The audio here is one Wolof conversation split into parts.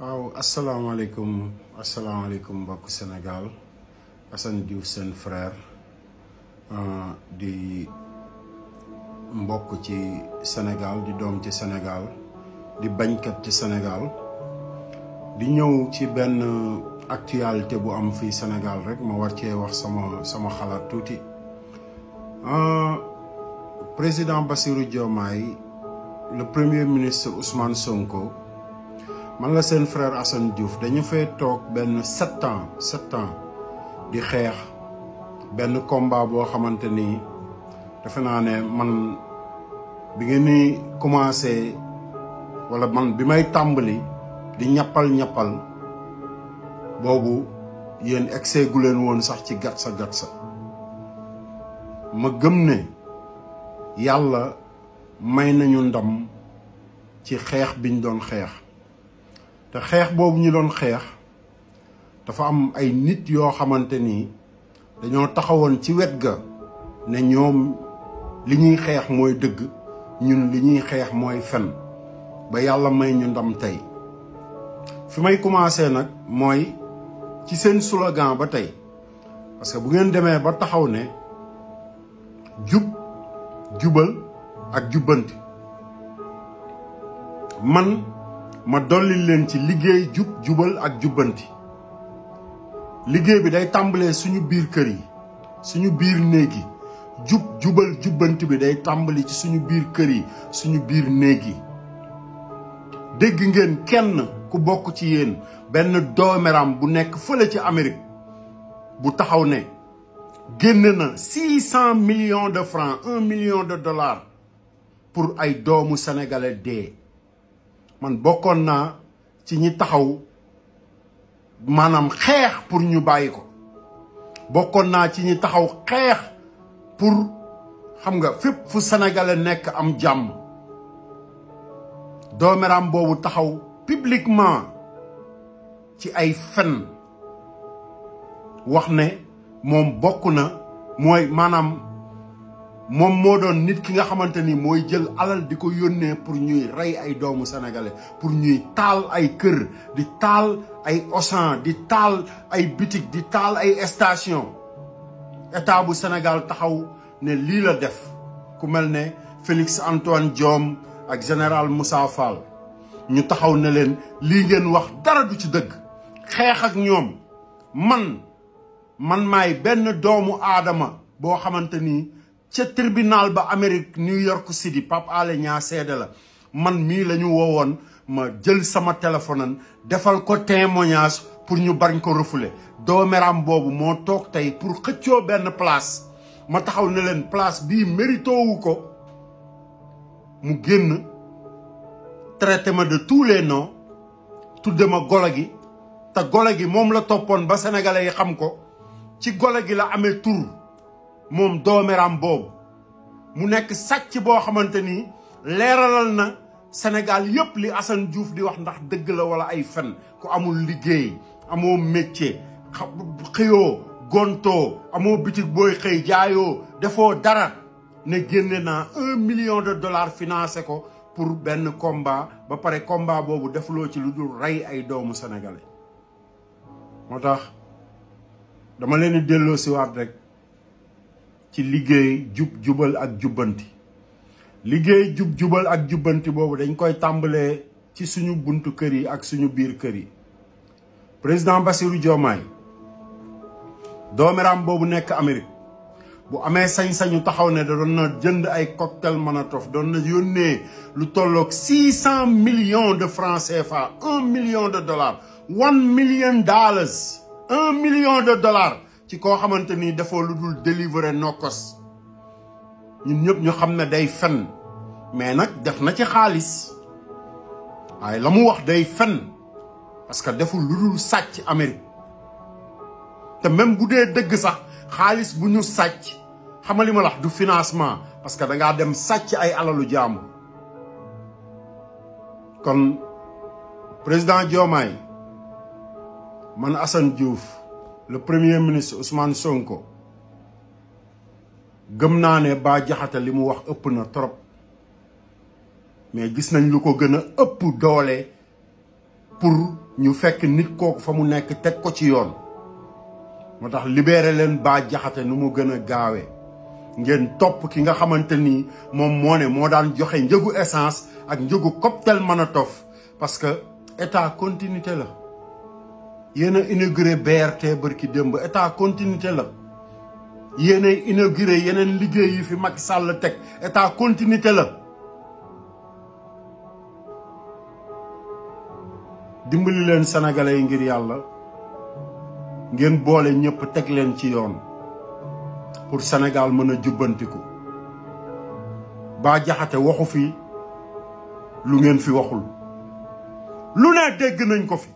waaw asalaamaaleykum asalaamaaleykum mbokk Sénégal assan Diouf seen frère ah, di mbokk ci Sénégal di doom ci Sénégal di bañkat ci Sénégal di ñëw ci benn actualité bu am fii Sénégal rek ma war cee wax sama sama xalaat tuuti ah, président Bassirou Diomaye le premier ministre Ousmane Sonko. man la seen frère Assane Diouf dañu fay toog benn sept ans sept ans di xeex benn combat boo xamante ni naa ne man bi ngeen ni commencé wala man bi may tàmbali di ñappal ñappal boobu yéen egsee gu leen woon sax ci gat sa gat sa ma gëm ne yàlla may nañu ndam ci xeex biñ doon xeex te xeex boobu ñu doon xeex dafa am ay nit yoo xamante ni dañoo taxawoon ci wet ga ne ñoom li ñuy xeex mooy dëgg ñun li ñuy xeex mooy fen ba yàlla may ñu ndam tey fi may commencé nag mooy ci seen slogan ba tey parce que bu ngeen demee ba taxaw ne jub jubal ak jubbanti man ma dolli len ci liggey jub jubal ak jubanti liggey bi day tambalé suñu biir kër yi suñu biir neeg yi jub jubal jubanti bi day tambali ci suñu biir kër yi suñu biir neeg yi degg ngeen kenn ku bokku ci yeen benn doomeram bu nekk fële ci Amérique bu taxaw ne génn na 600 millions de francs un million de dollars pour ay doomu sénégalais dee man bokkoon naa ci ñi taxaw maanaam xeex pour ñu bàyyi ko bokkoon naa ci ñi taxaw xeex pour xam nga fépp fu sénégalais nekk am jàmm dooméram boobu taxaw publiquement ci ay fen wax ne moom bokk na mooy maanaam moom moo doon nit ki nga xamante ni mooy jël alal di ko yónnee pour ñuy rey ay doomu sénégalais pour ñuy taal ay kër di taal ay Auchan di taal ay bitig di taal ay station état bu senegal taxaw ne lii la def ku mel ne Félix Antoine Diome ak général Moussa Fall ñu taxaw ne leen lii ngeen wax dara du ci dëgg xeex ak ñoom man man maay benn doomu aadama boo xamante ni ci tribunal ba amerique New York City pap ale nya seede la man mi new wowon ma jël sama téléphone defal ko témoignage pour ñu bañ ko refoulé doomeram bobu mo tok tay pour xëccio ben place ma taxaw ne len place bi mérito wu ko mu génn traité ma de tous les noms tudde ma golo gi te la topone ba sénégalais yi xam ko ci la amé tour moom doomeram boobu mu nekk sàcc boo xamante ni leeralal na senegal yépp li Assane Diouf di wax ndax dëgg la wala ay fen ku amul liggéey amoo métier xëyoo gontoo amoo bitig booy xëy jaayoo defoo dara ne génne naa un million de dollars financé ko pour benn combat ba pare combat boobu defuloo ci lu dul rey ay doomu sénégalais moo tax dama leen di delloo siwaat rek ci liggéey jub jubal ak jubanti liggéey jub jubal ak jubanti bobu dañ koy tambalé ci suñu buntu kër yi ak suñu biir kër yi président Bassirou Diomaye dooméram bobu nek amerique bu amé sañ-sañu taxaw né da doon na jënd ay cocktail manatof doon na yonné lu tollok 600 millions de francs CFA 1 million de dollars 1 million dollars 1 million de dollars ci ko xamanteni dafa luddul deliverer dul délivrer nokkos ñun ñep ñu xamne day fenn mais nak def na ci xaalis ay lamu wax day fenn parce que deful luddul sacc amerique te même bu dé deug sax bu ñu sacc xamali ma du financement parce que da nga dem sacc ay alalu jaamu kon président Diomaye man Assane Diouf le premier ministre Ousmane ko gëm naa ne Bah jaxate li mu wax ëpp na trop mais gis nañ lu ko gën a ëpp doole pour ñu fekk nit kooku fa mu nekk teg ko ci yoon moo tax libéré leen Bah jaxate nu mu gën a gaawee ngeen topp ki nga xamante ni moom moo ne moo daan joxe njëgu essence ak njëgu cocktail Molotov parce que état continuité la yéen a inauguré BRT bërki démb état continuité la yéen a inauguré yeneen liggéey yi fi mag sàll teg état continuité la dimbali leen sénégalais yi ngir yàlla ngeen boole ñëpp teg leen ci yoon pour senegal mën a jubbantiku Bah Diakhaté waxu fi lu ngeen fi waxul lu ne dégg nañ ko fi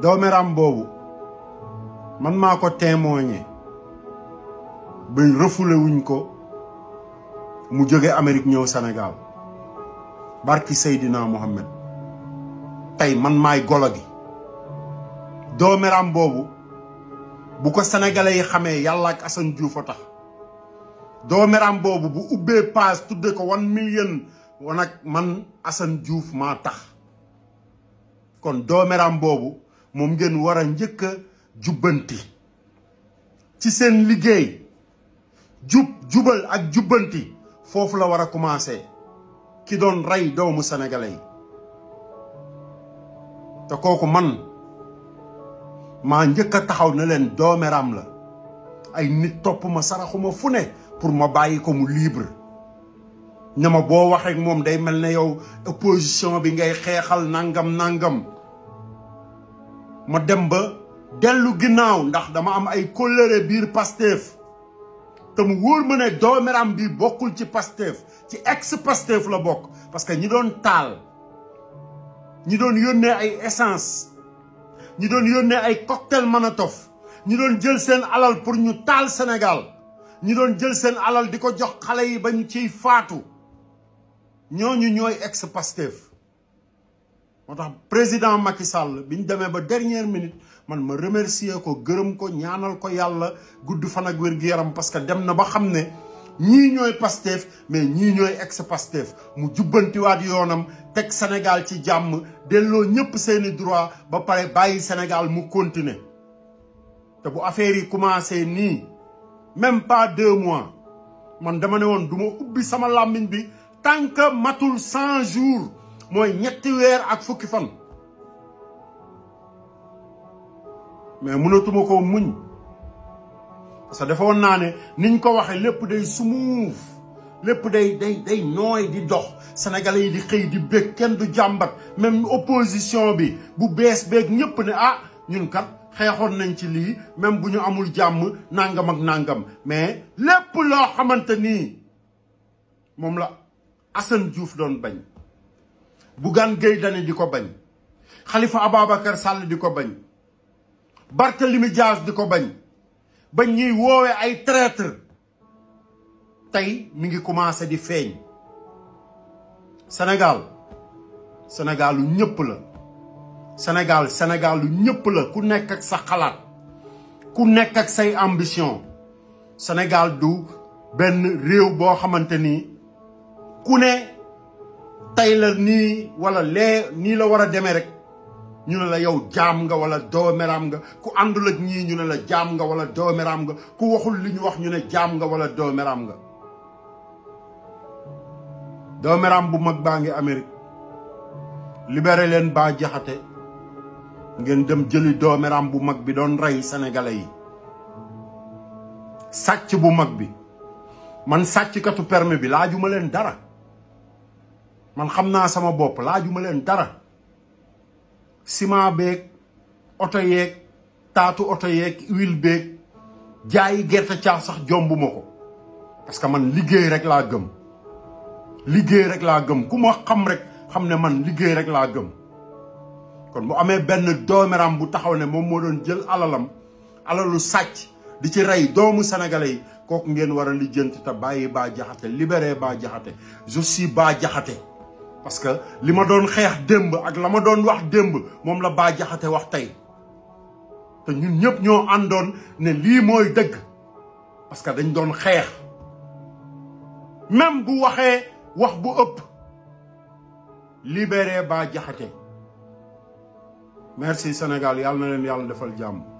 doomeram boobu man maa ko témoigné ba refoulé ko mu jóge Amérique ñëw Sénégal barki Seydina Mohamed tey man maay golo gi doomeram boobu bu ko sénégalais yi xamee yàlla ak Assane Diouf a tax boobu bu ubbee paas tudde ko one million wanak man Assane Diouf maa tax kon doomeram boobu mom ngeen wara a jubanti ci seen liggéey jub jubal ak jubanti, fofu la wara commencer ki doon ray doomu sénégalais ta koku man ma njëkk a taxaw ne leen ram la ay nit top ma saraxuma fu pour ma bayyi ko mu libre bo waxe moom day melne yow opposition bi ngay xéxal nangam nangam ma dem ba delu ginnaw ndax dama am ay colère biir Pastef te mu wóor ma ne doomeram bi bokul ci Pastef ci ex Pastef la bok parce que ñi doon tal ñi doon yónnee ay essence ñi doon yónnee ay cocktail manatof ñi doon jël sen alal pour ñu tal Sénégal ñi doon jël sen alal diko jox xalé yi bañ ci faatu ñoñu ñoy ex Pastef moo tax président Macky Sall bi ñu demee ba dernière minute man ma remercier ko gërëm ko ñaanal ko yàlla gudd fan ak wér-gu-yaram parce que dem na ba xam ne ñii ñooy Pastef mais ñii ñooy ex Pastef mu jubbantiwaat yoonam teg Sénégal ci jàmm delloo ñëpp seeni droit ba pare bàyyi Sénégal mu continuer te bu affaire yi commencé nii même pas deux mois man dama ne woon du ubbi sama làmmiñ bi tant que matul cent jours mooy ñetti weer ak fukki fan mais mënatuma koo muñ parce que defoon naa ne niñ ko waxee lépp day sumuuf lépp day day day nooy di dox sénégalais yi di xëy di bég kenn du jàmbat même opposition bi bu bees beeg ñépp ne ah ñun kat xeexoon nañ ci lii même bu ñu amul jàmm nàngam ak nangam mais lépp loo xamante nii moom la Assane Diouf doon bañ Bougane Gueye Dany di ko bañ xalifa Ababacar sàll di ko bañ Barthélemy Dias di ko bañ bañ ñuy woowee ay traître tey mi ngi commencé di feeñ senegal senegalu lu ñëpp la senegal Sénégal ñépp la ku nekk ak sa xalaat ku nekk ak say ambition senegal du benn réew boo xamante ni ku ne tey la nii wala lee nii la war a demee rek ñu ne la yow jaam nga wala doomeraam nga ku àndul ak ñii ñu ne la jaam nga wala doomeraam nga ku waxul li ñu wax ñu ne jaam nga wala doomeraam nga doomeraam bu mag baa ngi Amérique libéré leen baa jaxate ngeen dem jëli doomeraam bu mag bi doon rey sénégalais yi sàcc bu mag bi man sàcckatu perme bi laajuma leen dara man xam naa sama bopp laa laajuma leen dara ciment beeg oto yeeg taatu oto yeeg huile beeg jaayi gerte caaf sax jombuma ko parce que man liggéey rek laa gëm liggéey rek laa gëm ku ma xam rek xam ne man liggéey rek laa gëm kon mu amee benn doomeram bu taxaw ne moom moo doon jël alalam alalu sàcc di ci rey doomu sénégalais yi kooku ngeen war a lijjanti te bàyyi Bah Diakhaté libéré Bah Diakhaté je suis Bah parce que li ma doon xeex démb ak la ma doon wax démb moom la Bah jaxate wax tey te ñun ñëpp ñoo àndoon ne lii mooy dëgg parce que dañ doon xeex même bu waxee wax bu ëpp libéré Bah Diakhaté merci Sénégal yàlla na leen yàlla defal jàmm